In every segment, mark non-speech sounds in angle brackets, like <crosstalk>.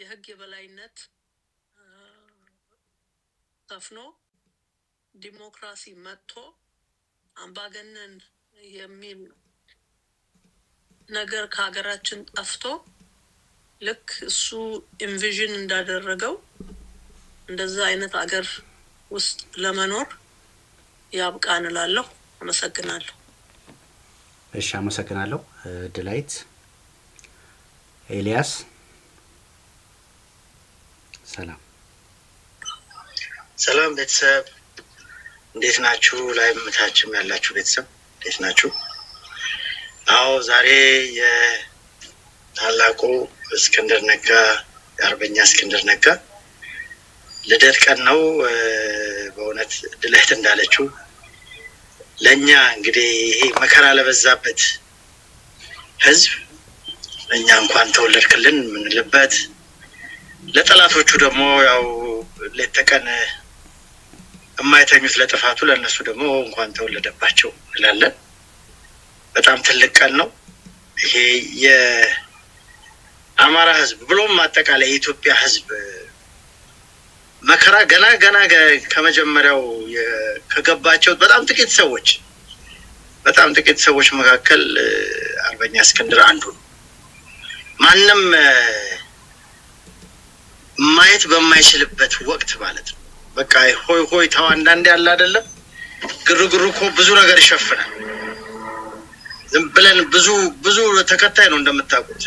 የህግ የበላይነት ሰፍኖ ዲሞክራሲ መጥቶ አምባገነን የሚል ነገር ከሀገራችን ጠፍቶ ልክ እሱ ኢንቪዥን እንዳደረገው እንደዛ አይነት አገር ውስጥ ለመኖር ያብቃ እንላለሁ። አመሰግናለሁ። እሺ፣ አመሰግናለሁ ድላይት ኤልያስ። ሰላም ሰላም ቤተሰብ እንዴት ናችሁ? ላይ ምታችም ያላችሁ ቤተሰብ እንዴት ናችሁ? አዎ ዛሬ የታላቁ እስክንድር ነጋ የአርበኛ እስክንድር ነጋ ልደት ቀን ነው። በእውነት ድለት እንዳለችው ለእኛ እንግዲህ ይሄ መከራ ለበዛበት ህዝብ እኛ እንኳን ተወለድክልን የምንልበት ለጠላቶቹ ደግሞ ያው ሌት ተቀን የማይተኙት ለጥፋቱ ለእነሱ ደግሞ እንኳን ተወለደባቸው እንላለን። በጣም ትልቅ ቀን ነው ይሄ የአማራ ህዝብ ብሎም አጠቃላይ የኢትዮጵያ ህዝብ መከራ ገና ገና ከመጀመሪያው ከገባቸው በጣም ጥቂት ሰዎች በጣም ጥቂት ሰዎች መካከል አርበኛ እስክንድር አንዱ ነው። ማንም ማየት በማይችልበት ወቅት ማለት ነው። በቃ ሆይ ሆይ ታው አንዳንዴ ያለ አይደለም። ግርግሩ እኮ ብዙ ነገር ይሸፍናል። ዝም ብለን ብዙ ብዙ ተከታይ ነው እንደምታውቁት፣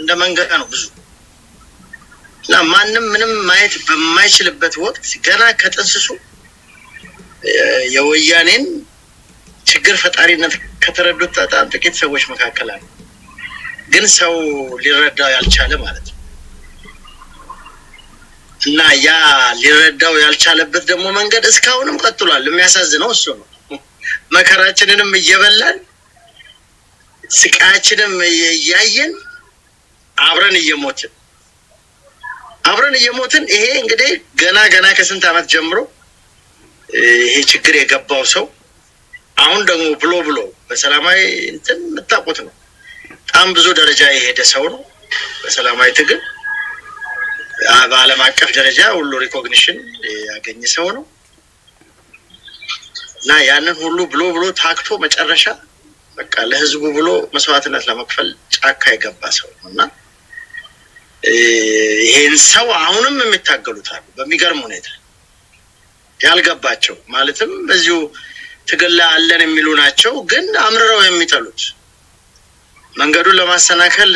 እንደ መንገድ ነው ብዙ እና ማንም ምንም ማየት በማይችልበት ወቅት ገና ከጥንስሱ የወያኔን ችግር ፈጣሪነት ከተረዱት በጣም ጥቂት ሰዎች መካከል አሉ። ግን ሰው ሊረዳው ያልቻለ ማለት ነው። እና ያ ሊረዳው ያልቻለበት ደግሞ መንገድ እስካሁንም ቀጥሏል። የሚያሳዝነው እሱ ነው። መከራችንንም እየበላን ስቃያችንም እያየን አብረን እየሞትን አብረን እየሞትን ይሄ እንግዲህ ገና ገና ከስንት ዓመት ጀምሮ ይሄ ችግር የገባው ሰው አሁን ደግሞ ብሎ ብሎ በሰላማዊ እንትን የምታውቁት ነው። በጣም ብዙ ደረጃ የሄደ ሰው ነው በሰላማዊ ትግል በዓለም አቀፍ ደረጃ ሁሉ ሪኮግኒሽን ያገኘ ሰው ነው እና ያንን ሁሉ ብሎ ብሎ ታክቶ መጨረሻ በቃ ለህዝቡ ብሎ መስዋዕትነት ለመክፈል ጫካ የገባ ሰው ነው እና ይሄን ሰው አሁንም የሚታገሉት አሉ። በሚገርም ሁኔታ ያልገባቸው ማለትም በዚሁ ትግል ላይ አለን የሚሉ ናቸው፣ ግን አምርረው የሚጠሉት መንገዱን ለማሰናከል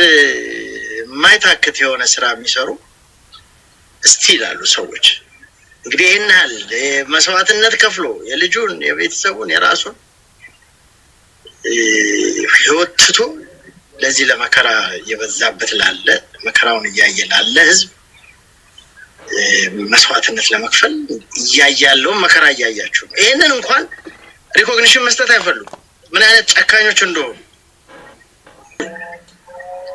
የማይታክት የሆነ ስራ የሚሰሩ እስቲ ይላሉ ሰዎች። እንግዲህ ይህን ያህል መስዋዕትነት ከፍሎ የልጁን የቤተሰቡን የራሱን ህይወት ትቶ ለዚህ ለመከራ እየበዛበት ላለ መከራውን እያየ ላለ ህዝብ መስዋዕትነት ለመክፈል እያያለውን መከራ እያያችሁ ነው። ይህንን እንኳን ሪኮግኒሽን መስጠት አይፈልጉም። ምን አይነት ጨካኞች እንደሆኑ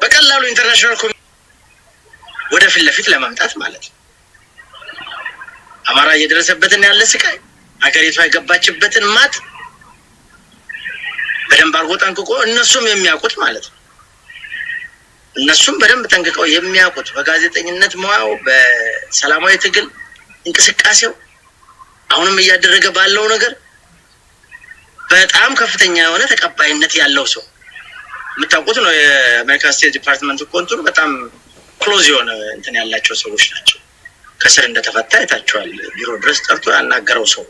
በቀላሉ ኢንተርናሽናል ወደ ፊት ለፊት ለመምጣት ማለት ነው። አማራ እየደረሰበትን ያለ ስቃይ፣ ሀገሪቷ የገባችበትን ማጥ በደንብ አድርጎ ጠንቅቆ እነሱም የሚያውቁት ማለት ነው። እነሱም በደንብ ጠንቅቀው የሚያውቁት በጋዜጠኝነት ሙያው፣ በሰላማዊ ትግል እንቅስቃሴው፣ አሁንም እያደረገ ባለው ነገር በጣም ከፍተኛ የሆነ ተቀባይነት ያለው ሰው የምታውቁት ነው። የአሜሪካ ስቴት ዲፓርትመንት እኮ እንትኑ በጣም ክሎዝ የሆነ እንትን ያላቸው ሰዎች ናቸው። ከስር እንደተፈታ አይታቸዋል። ቢሮ ድረስ ጠርቶ ያናገረው ሰው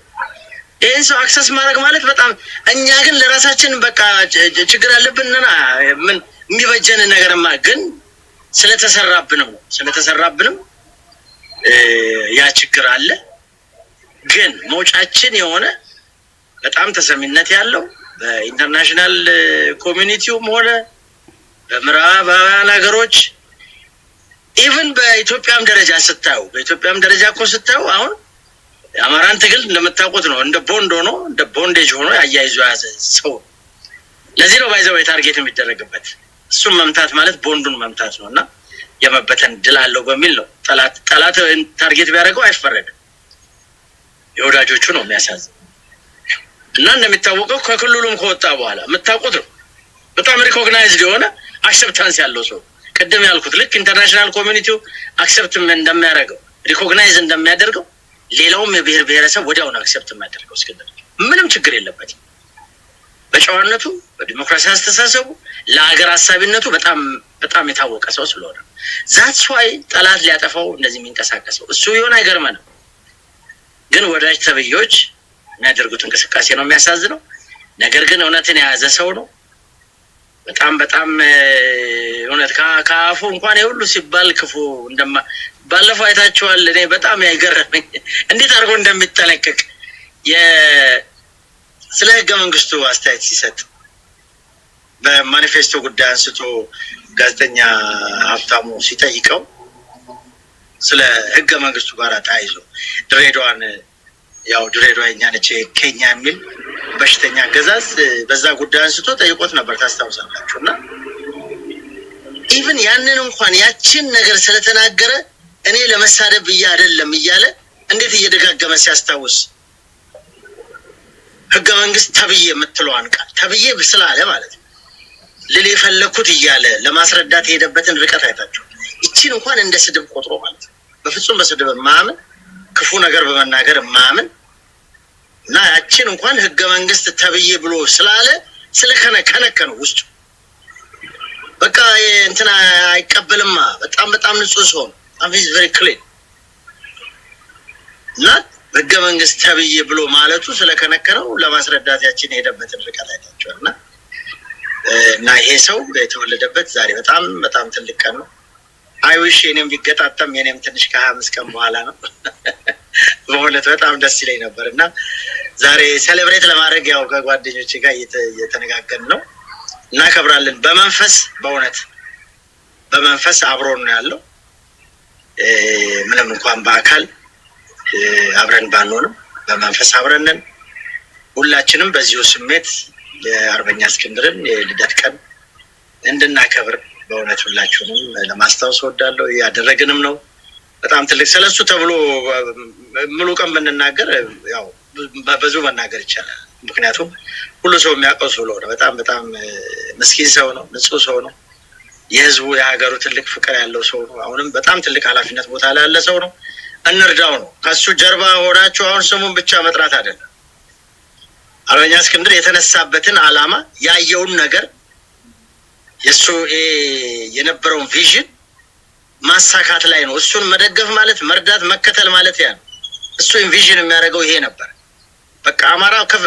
ይህን ሰው አክሰስ ማድረግ ማለት በጣም እኛ ግን ለራሳችን በቃ ችግር አለብን ምን የሚበጀን ነገርማ ግን ስለተሰራብን ነው። ስለተሰራብንም ያ ችግር አለ። ግን መውጫችን የሆነ በጣም ተሰሚነት ያለው በኢንተርናሽናል ኮሚኒቲውም ሆነ በምዕራባውያን ሀገሮች ኢቨን በኢትዮጵያም ደረጃ ስታዩ በኢትዮጵያም ደረጃ እኮ ስታዩ አሁን የአማራን ትግል እንደምታውቁት ነው። እንደ ቦንድ ሆኖ እንደ ቦንዴጅ ሆኖ አያይዞ የያዘ ሰው። ለዚህ ነው ባይዘው የታርጌት የሚደረግበት እሱን መምታት ማለት ቦንዱን መምታት ነው እና የመበተን ድል አለው በሚል ነው። ጠላት ጠላት ታርጌት ቢያደርገው አይፈረድም። የወዳጆቹ ነው የሚያሳዝን እና እንደሚታወቀው ከክልሉም ከወጣ በኋላ የምታውቁት ነው። በጣም ሪኮግናይዝድ የሆነ አክሰፕታንስ ያለው ሰው ቅድም ያልኩት ልክ ኢንተርናሽናል ኮሚኒቲው አክሰፕት እንደሚያደርገው ሪኮግናይዝ እንደሚያደርገው ሌላውም የብሔር ብሔረሰብ ወዲያውን አክሰፕት የሚያደርገው እስክንድር ምንም ችግር የለበትም። በጨዋነቱ በዲሞክራሲ አስተሳሰቡ ለሀገር ሀሳቢነቱ በጣም በጣም የታወቀ ሰው ስለሆነ ዛት ዋይ ጠላት ሊያጠፋው እንደዚህ የሚንቀሳቀሰው እሱ ቢሆን አይገርመንም። ግን ወዳጅ ተብዬዎች የሚያደርጉት እንቅስቃሴ ነው የሚያሳዝነው። ነገር ግን እውነትን የያዘ ሰው ነው። በጣም በጣም እውነት ከአፉ እንኳን የሁሉ ሲባል ክፉ እንደማ ባለፈው አይታችኋል። እኔ በጣም ያገረመኝ እንዴት አድርጎ እንደሚጠነቀቅ ስለ ህገ መንግስቱ አስተያየት ሲሰጥ በማኒፌስቶ ጉዳይ አንስቶ ጋዜጠኛ ሀብታሙ ሲጠይቀው ስለ ህገ መንግስቱ ጋር ተያይዞ ድሬዳዋን ያው ድሬዳዋ የእኛ ነች ከኛ የሚል በሽተኛ አገዛዝ በዛ ጉዳይ አንስቶ ጠይቆት ነበር ታስታውሳላችሁ እና ኢቭን ያንን እንኳን ያችን ነገር ስለተናገረ እኔ ለመሳደብ ብዬ አይደለም እያለ እንዴት እየደጋገመ ሲያስታውስ ህገ መንግስት ተብዬ የምትለዋን ቃል ተብዬ ስላለ ማለት ነው ልል የፈለግኩት እያለ ለማስረዳት የሄደበትን ርቀት አይታቸው ይቺን እንኳን እንደ ስድብ ቆጥሮ ማለት ነው። በፍጹም በስድብ ማምን ክፉ ነገር በመናገር ማምን እና ያችን እንኳን ህገ መንግስት ተብዬ ብሎ ስላለ ስለከነከነከ ነው ውስጡ በቃ እንትን አይቀበልማ። በጣም በጣም ንጹህ ሰው ነው። አቪዝ ቨሪ ክሊን እና ህገ መንግስት ተብዬ ብሎ ማለቱ ስለከነከረው ለማስረዳት ያችን የሄደበትን ርቀት አይታቸዋል እና እና ይሄ ሰው የተወለደበት ዛሬ በጣም በጣም ትልቅ ቀን ነው። አይውሽ የኔም ቢገጣጠም የኔም ትንሽ ከሀያ አምስት ቀን በኋላ ነው። <laughs> በእውነት በጣም ደስ ይለኝ ነበር እና ዛሬ ሴሌብሬት ለማድረግ ያው ከጓደኞች ጋር እየተነጋገርን ነው። እናከብራለን። በመንፈስ በእውነት በመንፈስ አብሮን ነው ያለው። ምንም እንኳን በአካል አብረን ባንሆንም በመንፈስ አብረንን ሁላችንም በዚሁ ስሜት የአርበኛ እስክንድርን የልደት ቀን እንድናከብር በእውነት ሁላችሁንም ለማስታወስ ወዳለው እያደረግንም ነው። በጣም ትልቅ ስለሱ ተብሎ ሙሉ ቀን ብንናገር ያው በዙ መናገር ይቻላል። ምክንያቱም ሁሉ ሰው የሚያውቀው ብሎ ነው። በጣም በጣም ምስኪን ሰው ነው። ንጹህ ሰው ነው። የህዝቡ የሀገሩ ትልቅ ፍቅር ያለው ሰው ነው። አሁንም በጣም ትልቅ ኃላፊነት ቦታ ላይ ያለ ሰው ነው። እንርዳው ነው። ከሱ ጀርባ ሆናችሁ አሁን ስሙን ብቻ መጥራት አይደለም። አርበኛ እስክንድር የተነሳበትን አላማ ያየውን ነገር የእሱ የነበረውን ቪዥን ማሳካት ላይ ነው። እሱን መደገፍ ማለት መርዳት፣ መከተል ማለት ያ ነው። እሱ ቪዥን የሚያደርገው ይሄ ነበር። በቃ አማራ ከፍ